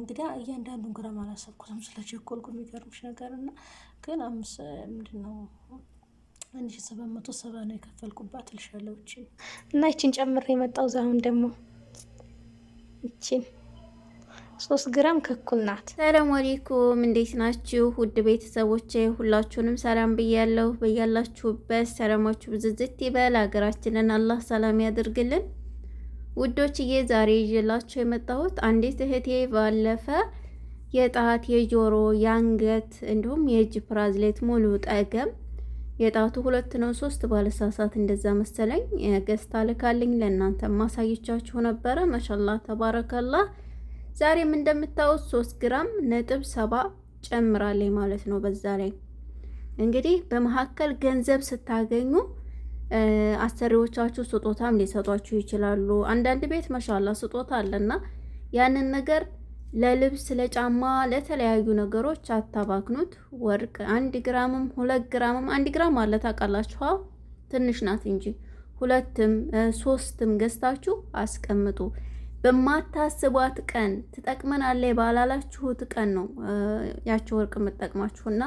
እንግዲህ እያንዳንዱን ግራም አላሰብኩትም ስለቸኮልኩ የሚገርምሽ ነገር እና ግን አምስ ምንድን ነው አንድ ሺ ሰባት መቶ ሰባ ነው የከፈልኩባት እልሻለሁ። እቺን እና ይችን ጨምር የመጣው ዛሁን ደግሞ ይቺን ሶስት ግራም ከኩል ናት። ሰላም አሌይኩም እንዴት ናችሁ ውድ ቤተሰቦቼ? ሁላችሁንም ሰላም ብያለሁ። በያላችሁበት ሰላማችሁ ብዝዝት ይበል። ሀገራችንን አላህ ሰላም ያድርግልን። ውዶችዬ ዛሬ ይዤላችሁ የመጣሁት አንዲት እህቴ ባለፈ የጣት የጆሮ የአንገት እንዲሁም የእጅ ፕራዝሌት ሙሉ ጠገም የጣቱ ሁለት ነው ሶስት ባለሳሳት እንደዛ መሰለኝ ገዝታ ልካልኝ ለእናንተ ማሳየቻችሁ ነበረ። መሻላ ተባረከላ። ዛሬም እንደምታዩት ሶስት ግራም ነጥብ ሰባ ጨምራለኝ ማለት ነው። በዛ ላይ እንግዲህ በመካከል ገንዘብ ስታገኙ አሰሪዎቻችሁ ስጦታም ሊሰጧችሁ ይችላሉ። አንዳንድ ቤት መሻላ ስጦታ አለና ያንን ነገር ለልብስ፣ ለጫማ፣ ለተለያዩ ነገሮች አታባክኑት። ወርቅ አንድ ግራምም ሁለት ግራምም አንድ ግራም አለ ታውቃላችኋ፣ ትንሽ ናት እንጂ ሁለትም ሶስትም ገዝታችሁ አስቀምጡ። በማታስቧት ቀን ትጠቅመናለች ባላላችሁት ቀን ነው ያቸው ወርቅ የምትጠቅማችሁና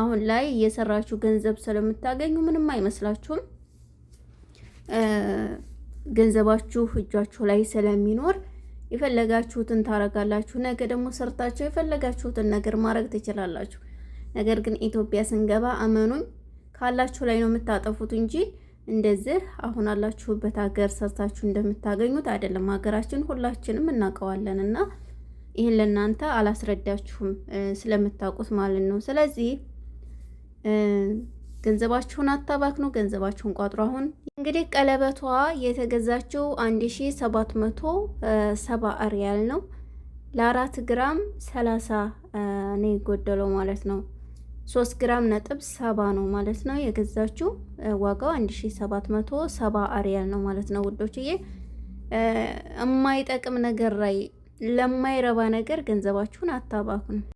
አሁን ላይ የሰራችሁ ገንዘብ ስለምታገኙ ምንም አይመስላችሁም። ገንዘባችሁ እጃችሁ ላይ ስለሚኖር የፈለጋችሁትን ታረጋላችሁ። ነገ ደግሞ ሰርታችሁ የፈለጋችሁትን ነገር ማድረግ ትችላላችሁ። ነገር ግን ኢትዮጵያ ስንገባ እመኑኝ ካላችሁ ላይ ነው የምታጠፉት እንጂ እንደዚህ አሁን አላችሁበት ሀገር ሰርታችሁ እንደምታገኙት አይደለም። ሀገራችን ሁላችንም እናውቀዋለን እና ይህን ለእናንተ አላስረዳችሁም ስለምታውቁት ማለት ነው። ስለዚህ ገንዘባችሁን አታባክኑ፣ ገንዘባችሁን ቋጥሩ። አሁን እንግዲህ ቀለበቷ የተገዛችው 1770 ሪያል ነው። ለአራት ግራም 30 ነው የጎደለው ማለት ነው። 3 ግራም ነጥብ 70 ነው ማለት ነው። የገዛችው ዋጋው 1770 ሪያል ነው ማለት ነው ውዶችዬ። የማይጠቅም ነገር ላይ ለማይረባ ነገር ገንዘባችሁን አታባክኑ።